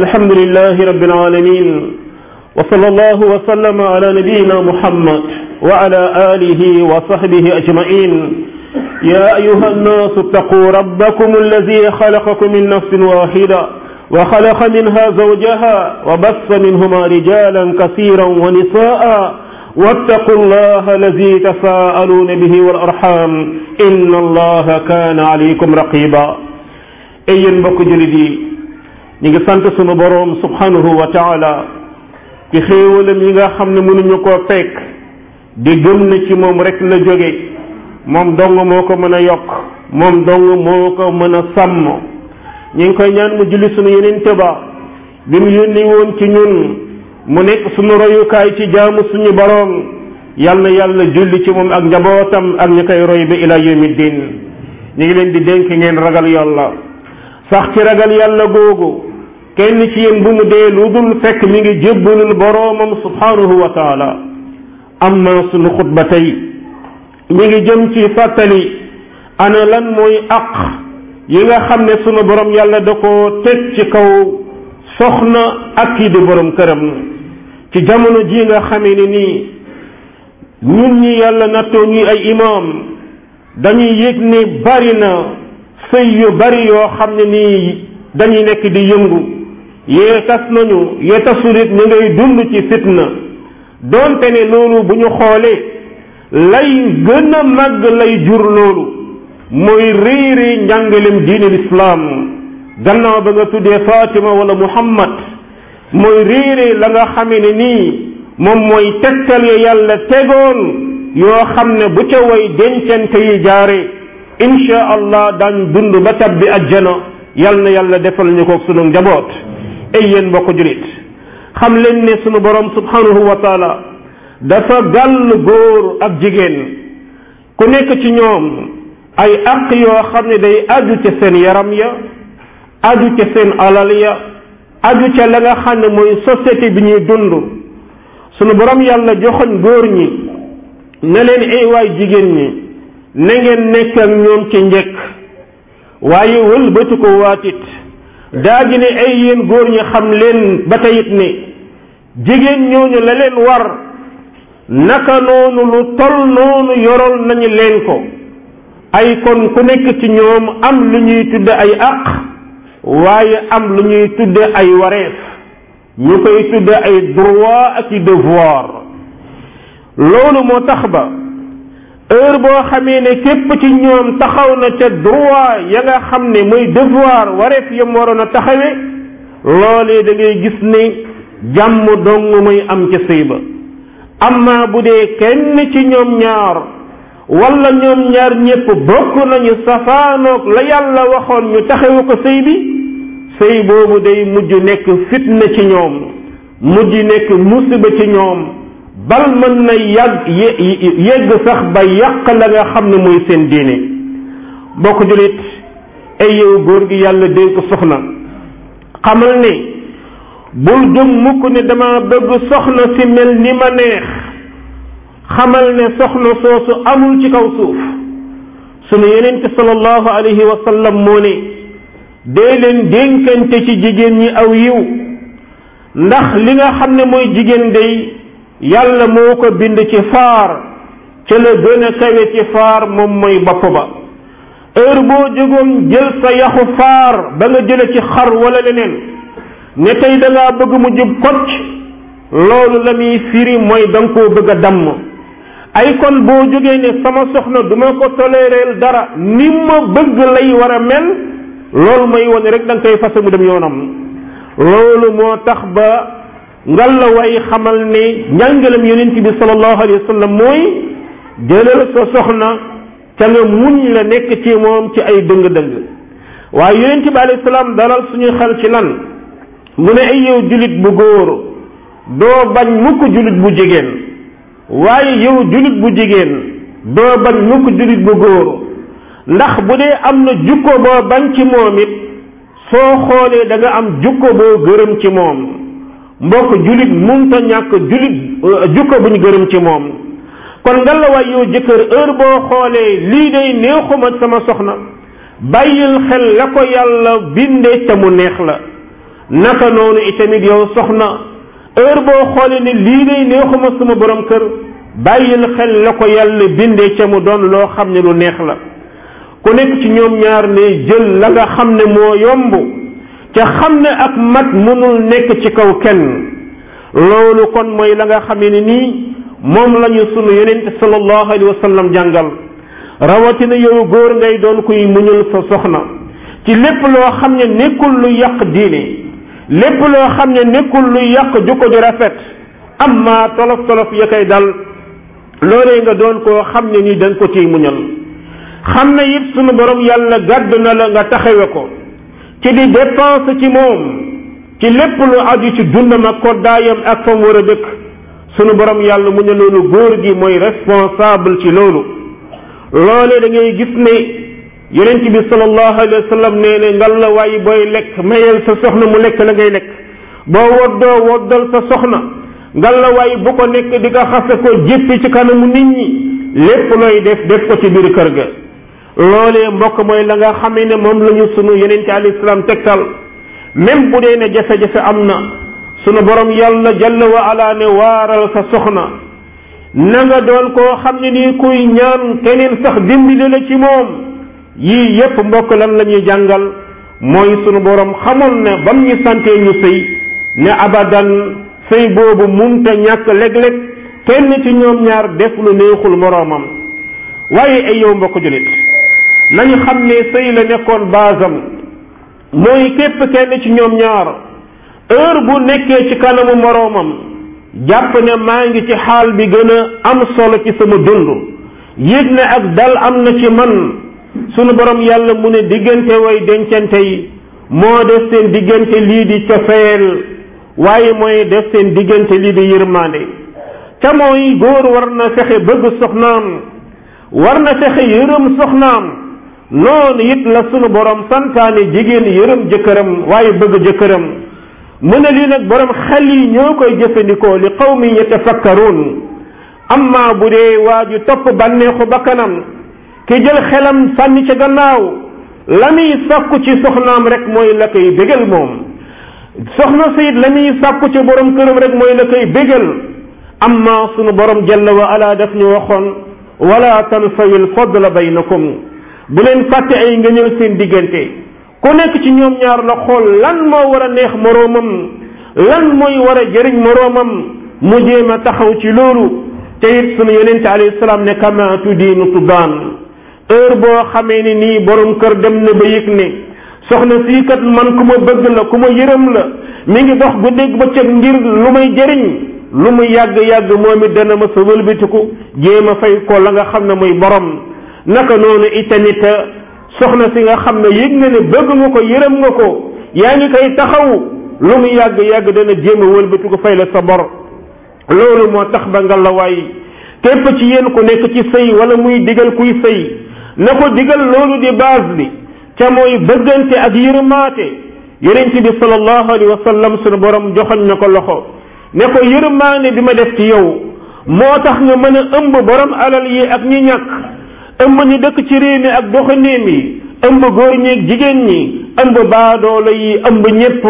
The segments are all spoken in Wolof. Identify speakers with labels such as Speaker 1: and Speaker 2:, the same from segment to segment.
Speaker 1: alhamdulilahi rabbil alamin wa sallallahu wa sallama ala nabiyyina muhammad wa ala alihi wa sahbihi ajma'in ya ayyuha an-nasu ittaqu rabbakum alladhi khalaqakum min nafsin wahida wa xalaqa minha zawjaha wa bassa minhuma rijalan kasiran wa nisaa wattaqu allaha alladi tasaaluuna bihi wal arxam inna allaha kaana alaykum raqiba ay yéen mbokk jullit yi ñu ngi sant sunu boroom subhanahu wa taala ci xéewalam mi nga xam ne mënuñu koo fekk di gëm na ci moom rek la jóge moom dong moo ko mën a yokk moom dong moo ko mën a sàmm ñu ngi koy ñaan mu julli suñu yeneen tëba bi mu yónni woon ci ñun mu nekk sunu royukaay ci jaamu suñu boroom yal na yàlla julli ci moom ak njabootam ak ñi koy roy ba ila yawmi diin ñu ngi leen di dénk ngeen ragal yàlla sax ci ragal yàlla googu kenn ci yéen bu mu dee lu dul fekk mi ngi jébbalul boroomam subhaanahu wa taala am na sunu xutba tey mi ngi jëm ci fàttali ana lan mooy àq yi nga xam ne sunu borom yàlla da ko teg ci kaw soxna ak kii di borom këram ci jamono ji nga xamee ne nii ñun ñi yàlla nattoo ñuy ay imaam dañuy yëg ne bari na sëy yu bari yoo xam ne nii dañuy nekk di yëngu yee tas nañu yee tasul it ñu ngay dund ci fitna doonte ne loolu bu ñu xoolee lay gën a màgg lay jur loolu mooy réeri njàngalem diine lislaam gannaaw ba nga tuddee Fatima wala Muhammad mooy réere la nga xame ne nii moom mooy tegtal ya yàlla tegoon yoo xam ne bu ca way dencante yi jaare insha allah daañ dund ba tabbi ajjana yal na yàlla defal ñu ko sunu njaboot ay yéen mbokk julit xam leen ne suma borom subhanahu wa taala dafa gàll góor ak jigéen ku nekk ci ñoom ay àq yoo xam ne day aju ca seen yaram ya aju ca seen alal ya aju ca la nga xam ne mooy société bi ñuy dund sunu borom yàlla joxoñ góor ñi ne leen ay waay jigéen ñi ne ngeen nekk ak ñoom ci njëkk waaye wëlbatu ko waatit daa ji ne ay yéen góor ñi xam leen ba teyit ne jigéen ñooñu la leen war naka noonu lu tol noonu yorol nañu leen ko ay kon ku nekk ci ñoom am lu ñuy tudde ay àq waaye am lu ñuy tudde ay wareef ñu koy tudde ay droit ak i devoir loolu moo tax ba heure boo xamee ne képp ci ñoom taxaw na ca droit ya nga xam ne muy devoir wareef yam waroon a taxawee loolee dangay gis ne jàmm dong muy am ca sëy ba amma bu dee kenn ci ñoom ñaar wala ñoom ñaar ñépp bokk nañu safaanoog la yàlla waxoon ñu taxawu ko sëy bi sëy boobu day mujj nekk fitna ci ñoom mujj nekk musiba ci ñoom bal mën na yàgg yégg sax ba yàq la nga xam ne mooy seen diine bokk julit ay yow góor gi yàlla dénk soxna xamal ne bul jóg mukk ne dama bëgg soxna si mel ni ma neex xamal ne soxna soosu amul ci kaw suuf sunu yenente sallallahu alayhi wa sallam moo ne dee leen dénkante ci jigéen ñi aw yiw ndax li nga xam ne mooy jigéen day yàlla moo ko bind ci faar ca la gën a kawe ci faar moom mooy bopp ba heure boo jógoon jël sa yaxu faar ba nga jële ci xar wala leneen ne tey danga ngaa bëgg mu jub kocc loolu la muy firi mooy da ko bëgg a damm ay kon boo jógee ne sama soxna duma ma ko toléreel dara ni ma bëgg lay war a mel loolu may wane rek da nga koy fase mu dem yoonam loolu moo tax ba ngal la way xamal ne njàngalam yonent bi sallallahu alayhi wa sallam mooy jëlal sa soxna ca nga muñ la nekk ci moom ci ay dëng-dëng waaye yonent bi alayhi salaam dalal suñuy xel ci lan mu ne ay yow julit bu góor doo bañ mukk julit bu jigéen waaye yow julit bu jigéen doo bañ mukk julit bu góor ndax bu dee am na jukko boo bañ ci moom it soo xoolee danga am jukko boo gërëm ci moom mbokk julit munta ñàkk julit euh, jukko bu ñu gërëm ci moom kon nga la waay yow jëkkër heure boo xoolee lii day neexuma sama soxna bàyyil xel la ko yàlla mu neex la naka noonu itamit soxna heure boo xoolee ne lii day neexuma sama boroom kër bàyyil xel la ko yàlla binde ca mu doon loo xam ne lu neex la ku nekk ci ñoom ñaar ne jël la nga xam ne moo yomb ca xam ne ak mag mënul nekk ci kaw kenn loolu kon mooy la nga xamee ne nii moom lañu ñu sunu yonent sallallahu alayhi jàngal rawatina yow góor ngay doon kuy muñul sa soxna ci lépp loo xam ne nekkul lu yàq diine lépp loo xam ne nekkul lu yàq jukko ju rafet amma tolof tolof ya koy dal loolee nga doon koo xam ne nii da ko ciy muñal xam ne it sunu borom yàlla gàdd na la nga taxawe ko ci di dépense ci moom ci lépp lu aju ci dundam ak koddaayam ak fa mu war a dëkk sunu borom yàlla mu ne loolu góor gi mooy responsable ci loolu loolee da ngay gis ne yonent bi sallallahu alayhi wa sallam nee ngal la waaye booy lekk mayel sa soxna mu lekk la ngay lekk boo woddoo woddal sa soxna ngal la waaye bu ko nekk di ko xase ko jéppi ci kanamu nit ñi lépp looy def def ko ci biir kër ga loolee mbokk mooy la nga xamee ne moom lañu ñu sunu yeneen ci alayhi salaam tegtal même bu dee ne jafe-jafe am na sunu borom yàlla jalla wa ala ne waaral sa soxna na nga doon koo xam ne nii kuy ñaan keneen sax dimbali la ci moom yii yépp mbokk lan la ñuy jàngal mooy sunu borom xamoon ne bam ñu santee ñu sëy ne abadan sëy boobu munta ñàkk léeg-léeg kenn ci ñoom ñaar def lu neexul moroomam waaye ay yow mbokk julit nañu xam ne sëy la nekkoon baasam mooy képp kenn ci ñoom ñaar heure bu nekkee ci kanamu moroomam jàpp ne maa ngi ci xaal bi gën a am solo ci sama dund yëg ne ak dal am na ci man sunu borom yàlla mu ne diggante way dencante yi moo def seen diggante lii di cofeel waaye mooy def seen diggante lii di yërmande ca mooy góor war na sexe bëgg soxnaam war na fexe yërëm soxnaam noonu it la sunu borom santaane jigéen yërëm jëkkëram waaye bëgg jëkkëram mu ne lii nag borom xel ñoo koy jëfandikoo li qawmin yatafakkaruun amma bu dee waa ju topp bànneexu bakkanam ki jël xelam sànni ca gannaaw la muy sàkku ci soxnaam rek mooy la koy bégal moom soxna sayit la muy sàkku ca borom këram rek mooy la koy bégal amma sunu borom jalla wa ala daf ñu waxoon wala tansawi alfadla baynakum bu leen fàtte ay nga ñëw seen diggante ku nekk ci ñoom ñaar la xool lan moo war a neex moroomam lan mooy war a jëriñ moroomam mu jéem a taxaw ci loolu te it sunu yonente alayhi salaam ne kama tudiinu tudaan heure boo xamee ni nii borom kër dem na ba yëg ne soxna sii kat man ku ma bëgg la ku ma yërëm la mi ngi dox guddeeg bëccëg ngir lu may jëriñ lu mu yàgg-yàgg moom it dana ma sa wëlbatiku jéem a fay ko la nga xam na mooy borom naka noonu itamit uh, soxna si nga xam ne yëg na ne bëgg nga ko yërëm nga ko yaa ngi koy taxaw lu mu yàgg yàgg dana jéem a ko fay la sa bor loolu moo tax ba ngalawaay képp ci yéen ku nekk ci sëy wala muy digal kuy sëy na ko digal loolu di base bi ca mooy bëggante ak yërëmaate yonent bi sallallahu alayhi wa sallam sunu borom joxoñ na ko loxo ne ko yërëmaane bi ma def ci yow moo tax nga mën a ëmb borom alal yi ak ñi ñàkk ëmb ñi dëkk ci réew mi ak doxandéem yi ëmb góor ñeeg jigéen ñi ëmb baadoolo yi ëmb ñépp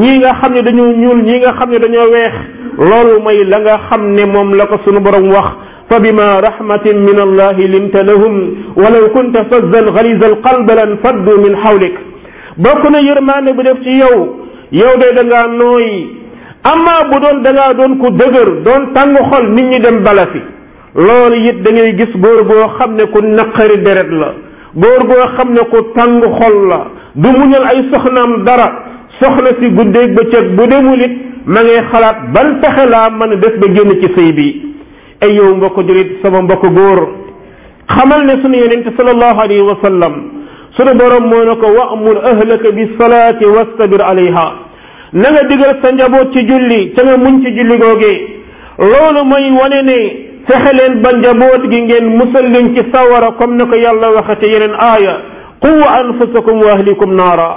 Speaker 1: ñi nga xam ne dañoo ñuul ñii nga xam ne dañoo weex loolu may la nga xam ne moom la ko sunu borom wax fa bima rahmatin min allahi linta lahum walaw kunta fazzan galiza alqalb lan faddu min hawlik bokk na yërmaane bu def ci yow yow de da ngaa nooy amma bu doon da ngaa doon ku dëgër doon tàng xol nit ñi dem bala fi loolu it da gis góor boo xam ne ku naqari deret la góor boo xam ne ku tàng xol la du muñal ay soxnaam dara soxna si guddeeg bëccëg bu dem it ma ngay xalaat ban pexe laa mën a def ba génn ci sëy bi ay yow mbokk julit sama mbokk góor xamal ne sunu yonente sallallahu alayhi wa sallam sunu borom moo ne ko wa'mur ahlaka bi salaati wastabir alayha na nga digal sa njaboot ci julli ca nga muñ ci julli googee loolu mooy wane fexe leen ba njaboot gi ngeen musal leen ci sawara comme na ko yàlla waxate yeneen aaya quwa anfusakum wa ahlikum naara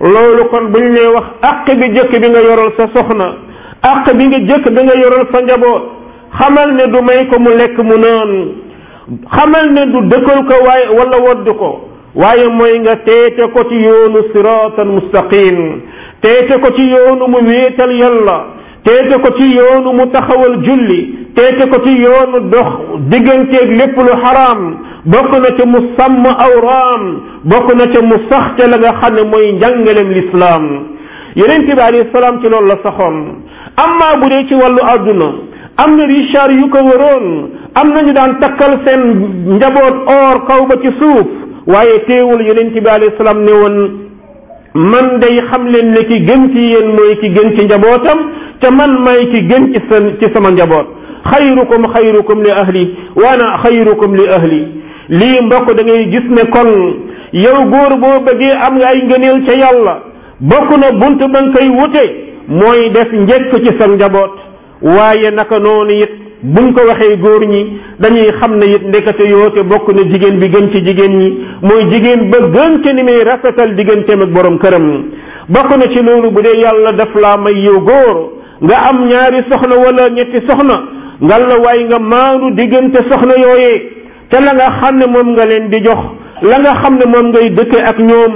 Speaker 1: loolu kon bu ñu lay wax àq bi jëkk bi nga yoral sa soxna àq bi nga jëkk bi nga yoral sa xamal ne du may ko mu lekk mu naan xamal ne du dëkkal ko waaye wala wodd ko waaye mooy nga te teete ko ci yoonu siratan te te ko ci yoonu mu wéetal te teete ko ci yoonu mu taxawal julli teete ko ci yoonu dox digganteeg lépp lu xaraam bokk na ca mu sàmm awraam bokk na ca mu sax ca la nga xam ne mooy njàngalem lislaam yonente bi alayhi salaam ci loolu la saxoon amma bu dee ci wàllu àdduna am na richard yu ko waroon am nañu daan takkal seen njaboot or kaw ba ci suuf waaye teewul yonente bi alayhi salaam ne woon man day xam leen ne gën ci yéen mooy ki gën ci njabootam te man may ki gën ci sa ci sama njaboot xayrukum xayrukum li ahli wa ana xayrukum li ahli lii mbokk da ngay gis ne kon yow góor boo bëggee am nga ay ngëneel ca yàlla bokk na bunt ba nga koy wute mooy def njëkk ci sa njaboot waaye naka noonu it buñ ko waxee góor ñi dañuy xam ne it ndekete yoote bokk na jigéen bi gën ci jigéen ñi mooy jigéen ba gën kenn ni muy rafetal digganteem ak borom këram bokk na ci loolu bu dee yàlla daf laa may yow góor nga am ñaari soxna wala ñetti soxna ngal na waay nga maandu diggante soxna yooyee te la nga xam ne moom nga leen di jox la nga xam ne moom ngay dëkke ak ñoom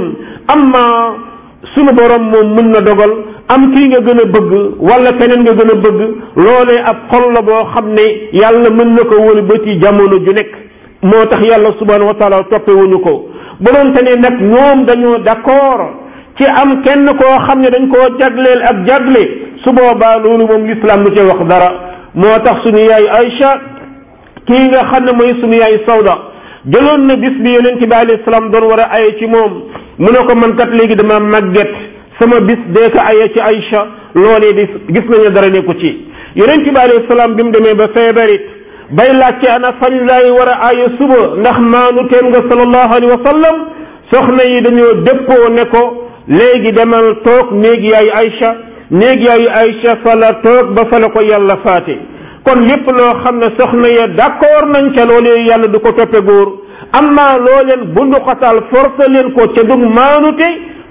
Speaker 1: am amma sunu borom moom mën na dogal am kii nga gën a bëgg wala keneen nga gën a bëgg loolee ab xol la boo xam ne yàlla mën na ko ba ci jamono ju nekk moo tax yàlla subhanahu wa taala toppewuñu ko bu doon te ne nag ñoom dañoo d'accord ci am kenn koo xam ne dañ koo jagleel ak jagle su boobaa loolu moom lislaam lu ci wax dara moo tax suñu ay Aïcha kii nga xam ne mooy suñu yaay Sawda jëloon na bis bi yonent bi alayhi salaam doon war aye ci moom mu ne ko man kat léegi dama màgget sama bis dee ko aye ci Aïcha loolee di gis nañu dara nekku ci yonent bi alayhi salaam bi mu demee ba feebarit bay laajte ana fañ laay war a aye suba ndax maanu teem nga sallallahu alayhi wa sallam na yi dañoo dëppoo ne ko léegi demal toog néegi ay Aïcha néeg yaayu ay fa la toog ba fa ko yàlla faate kon lépp loo xam ne soxna ya d'accord nañ ca loolee yàlla du ko toppe góor amma loo leen bunduxatal force leen ko ca dug maanute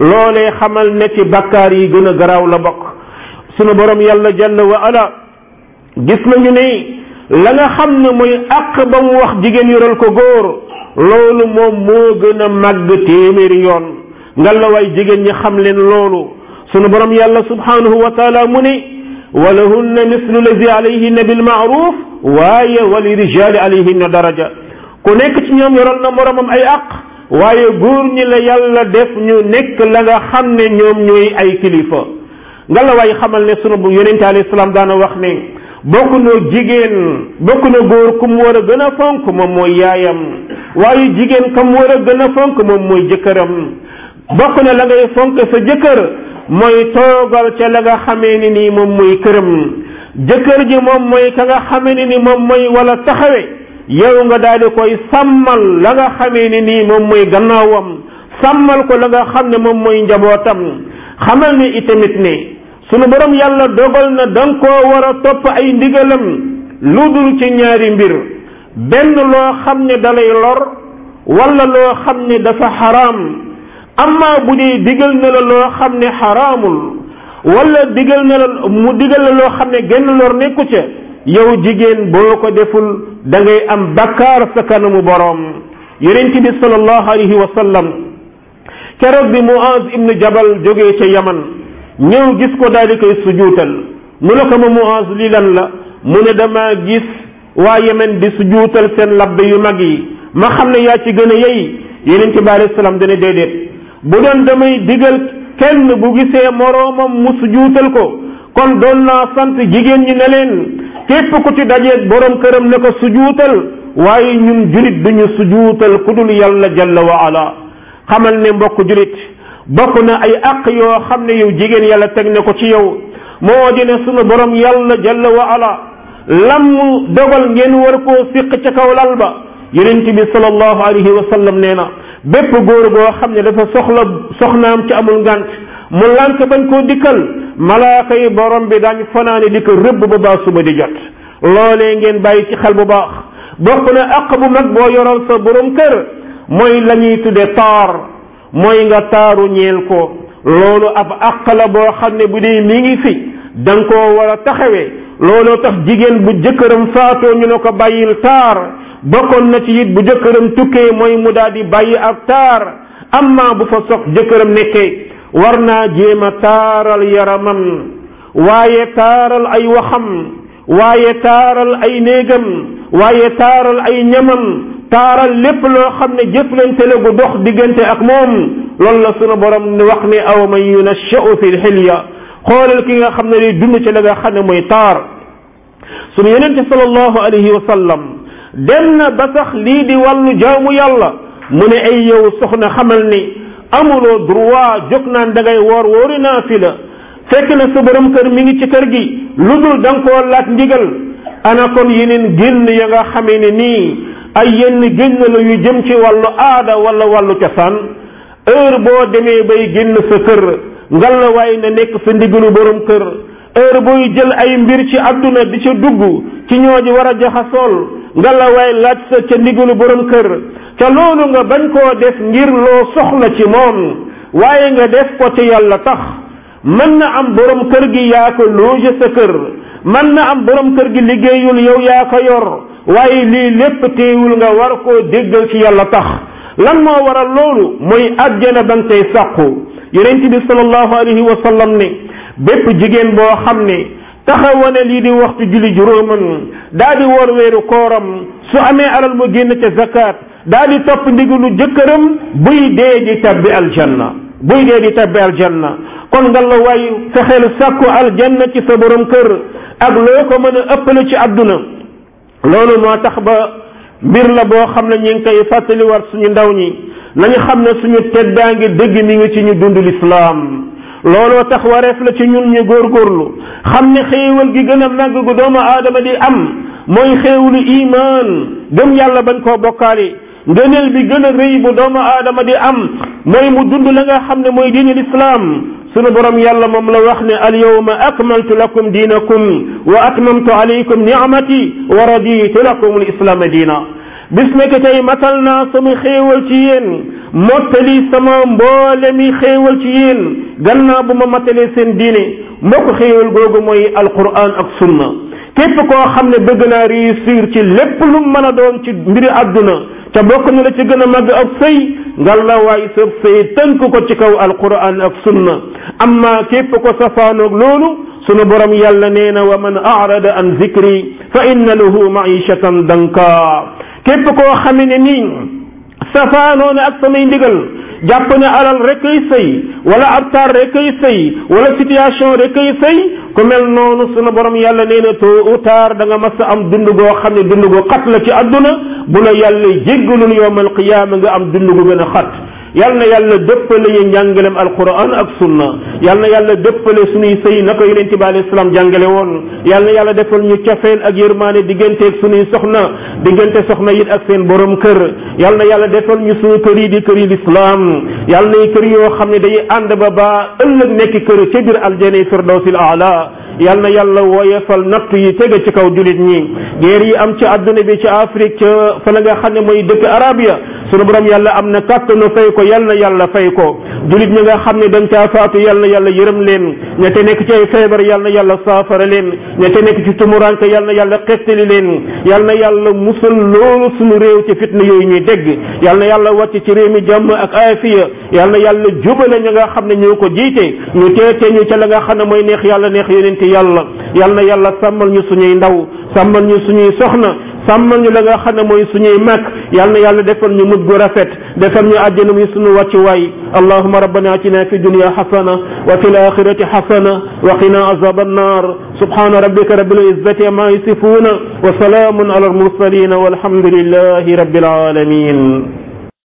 Speaker 1: loolee xamal ne ci bakkaar yi gën a garaaw la bokk sunu borom yàlla jalla wa ala gis nañu ne la nga xam ne mooy àq ba mu wax jigéen yoral ko góor loolu moom moo gën a màgg téeméeri yoon nga la waay jigéen ñi xam leen loolu sunu borom yàlla subhanahu wa taala mu ni walahunna mislu lazi alayhinna bilmaaruf waaye walirijali alayhinna daraja ku nekk ci ñoom yoroon na moromam ay àq waaye góor ñi la yàlla def ñu nekk la xam ne ñoom ñooy ay kilifa nga la waaye xamal ne sunu yonente alayhi salaam daana wax ne bokk na jigéen bokk na góor ku mu war a gën a fonk moom mooy yaayam waaye jigéen kam war a gën a fonk moom mooy jëkkëram bokk na la ngay fonk sa jëkkër mooy toogal ca la nga xamee ni nii moom mooy këram jëkkër ji moom mooy ka nga xamee ni ni moom mooy wala taxawe yow nga daal di koy sàmmal la nga xamee ni nii moom mooy gannaawam sàmmal ko la nga xam ne moom mooy njabootam xamal ni itamit ne sunu borom yàlla dogal na da nga koo war a topp ay ndigalam lu dul ci ñaari mbir benn loo xam ne dalay lor wala loo xam ne dafa xaraam amma bu dee digal na la loo xam ne xaraamul wala digal na la loo xam ne genn lor nekku ca yow jigéen boo ko deful da ngay am bakkaar sa kanamu boroom yonent bi sallallahu alayhi wa sallam keroog bi Muaz ibn Jabal jógee ca Yaman ñëw gis ko daal di koy sujuutal mu ne ko ma Muaz li lan la mu ne damaa gis waa Yemen di sujuutal seen labbe yu mag yi ma xam ne yaa ci gën a yey yonent bi alayhi salaam dana déedéet bu doon damay digal kenn bu gisee moroomam mu sujuutal ko kon doon naa sant jigéen ñi ne leen képp ku ci dajeeg borom këram na ko sujuutal waaye ñun julit duñu sujuutal ku dul yàlla jalla wa ala xamal ne mbokk julit bokk na ay àq yoo xam ne yow jigéen yàlla teg na ko ci yow moo di ne sunu borom yàlla jalla wa ala lam dogal ngeen war ko siq ca kaw lal ba yonent bi sallallahu alayhi wa sallam nee na bépp góor boo xam ne dafa soxla soxnaam ci amul ngànt mu lànk bañ koo dikkal malaaka yi borom bi daañu fanaane di ko rëbb ba baa suba di jot loolee ngeen bàyyi ci xel bu baax bokk na àq bu mag boo yoral sa borom kër mooy lañuy ñuy tudde taar mooy nga taaru ñeel ko loolu ab àq la boo xam ne bu dee mii ngi fi da nga koo war a taxawee looloo tax jigéen bu jëkkëram faatoo ñu ne ko bàyyil taar bokkoon na ci it bu jëkkëram tukkee mooy mu daal di bàyyi ak taar amma bu fa sox jëkkëram nekkee war naa jéem a taaral yaramam waaye taaral ay waxam waaye taaral ay néegam waaye taaral ay ñamam taaral lépp loo xam ne jëflante la gu dox diggante ak moom loolu suna sunu borom ne wax ne aw man yunashau fi lxilya xoolal ki nga xam ne day dund ci la nga xam ne mooy taar sunu yenente sallallahu alayhi wa sallam dem na ba sax lii di wàllu jaamu yàlla mu ne ay yow soxna xamal ni amuloo droit jóg naan da ngay woor woori naa fi la fekk na sa borom kër mi ngi ci kër gi lu dul da nga koo laaj ndigal ana kon yeneen génn ya nga xamee ne nii ay yenn génn la yu jëm ci wàllu aada wala wàllu cosaan heure boo demee bay génn sa kër ngal waaye na nekk sa ndigalu borom kër heure booy jël ay mbir ci àdduna di ci dugg ci ñoo ji war a jaxasool nga la waay laaj ca ndigalu borom kër te loolu nga bañ koo def ngir loo soxla ci moom waaye nga def ko te yàlla tax mën na am borom kër gi yaako ko looje sa kër mën na am borom kër gi liggéeyul yow yaa ko yor waaye lii lépp teewul nga war koo déggal ci yàlla tax lan moo waral loolu mooy àjjana ba nga tey sàqu yonent bi sallallahu alayhi wa sallam ni bépp jigéen boo xam ne taxawoon wane lii di waxtu julli juróoman daa di woor weeru kooram su amee alal mu génn ca zakat daa di topp ndigalu jëkkëram buy dee di tabbi aljanna buy dee di tabbi aljanna kon nga la waay fexeel sàkku aljanna ci sa borom kër ak loo ko mën a ëppale ci àdduna loolu moo tax ba mbir la boo xam ne ñu ngi koy fàttaliwaat suñu ndaw ñi nañu xam ne suñu teddaa ngi dëgg mi ngi ci ñu dund lislaam looloo tax wareef la ci ñun ñu góorgóorlu xam ne xéewal gi gën a màgg gu doomu aadama di am mooy xéewlu imaan gëm yàlla bañ koo bokkaali ngëneel bi gën a rëy bu doomu aadama di am mooy mu dund la nga xam ne mooy diini lislaam sunu borom yàlla moom la wax ne al yawma akmaltu lakum diinakum wa atmamtu alaykum ni'mati wa raditu lakum al islaama diina bis nekk tey matal naa sama xéewal ci yéen mottali sama mboole mi xéewal ci yéen gannaaw bu ma matalee seen diine mbokk xéewal googu mooy alquran ak sunna képp koo xam ne bëgg naa réussir ci lépp lu mën a doon ci mbiri àdduna te bokk na la ci gën a màgg ak sëy ngalla waay sa sëy tënk ko ci kaw alquran ak sunna amma képp ko safaanoog loolu sunu borom yàlla nee na wa man arada an zikri fa inna lahu maishatan danka képp koo xame ne nii safaanoon ak samay ndigal jàpp ne alal rek ay sëy wala ab taar rek ay wala situation rek ay sëy ku mel noonu sunu borom yàlla nee na tôt ou tard da nga mas a am dund goo xam ne dund goo xat la ci àdduna bu la yàlla jéggalul yowmal qiyaama nga am dund gu gën a xat yal na yàlla dëppale ñu njàngalem alquran ak sunna yal na yàlla dëppale suñuy sëy na ko yonent bi alayhi salaam jàngale woon yal na yàlla defal ñu cofeel ak yërmaane digganteeg suñuy soxna diggante soxna it ak seen borom kër yal na yàlla defal ñu suñu kër yi di kër yi lislaam yal na kër yoo xam ne day ànd ba ba ëllëg nekk kër al ca biir aljana firdawsil aala yal na yàlla woyefal natt yi tege ci kaw julit ñi guerre yi am ci adduna bi ci Afrique ca fa nga xam ne mooy dëkk arab sunu borom yàlla am na kàttanu fay ko yal na yàlla fay ko julit ñi nga xam ne dañ caa faatu yal na yàlla yërëm leen ña nekk ci ay feebar na yàlla saafara leen ña te nekk ci tumuranke yal na yàlla xettali leen yal na yàlla musal loolu sunu réew ci fitna yooyu ñuy dégg yàlla na yàlla wàcc ci réew mi jàmm ak aafiya yal na yàlla jubale ñi nga xam ne ñoo ko jiite ñu teete ñu ca la nga xam ne mooy neex yàlla neex yonente yàlla yal na yàlla sàmmal ñu suñuy ndaw sàmmal ñu sàmmal ñu la nga ne mooy suñuy màkk yàlla na yàlla defal ñu mujj gu rafet defal ñu àjjana muy suñu wàccuwaay allahuma rabbana atina fi dunya xasana wa fi laxirati xasana wa qina azaba annar subhana rabbika rabbil izzati ama yasifuna wa salaamun ala almursalin walhamdulillahi rabbil alamin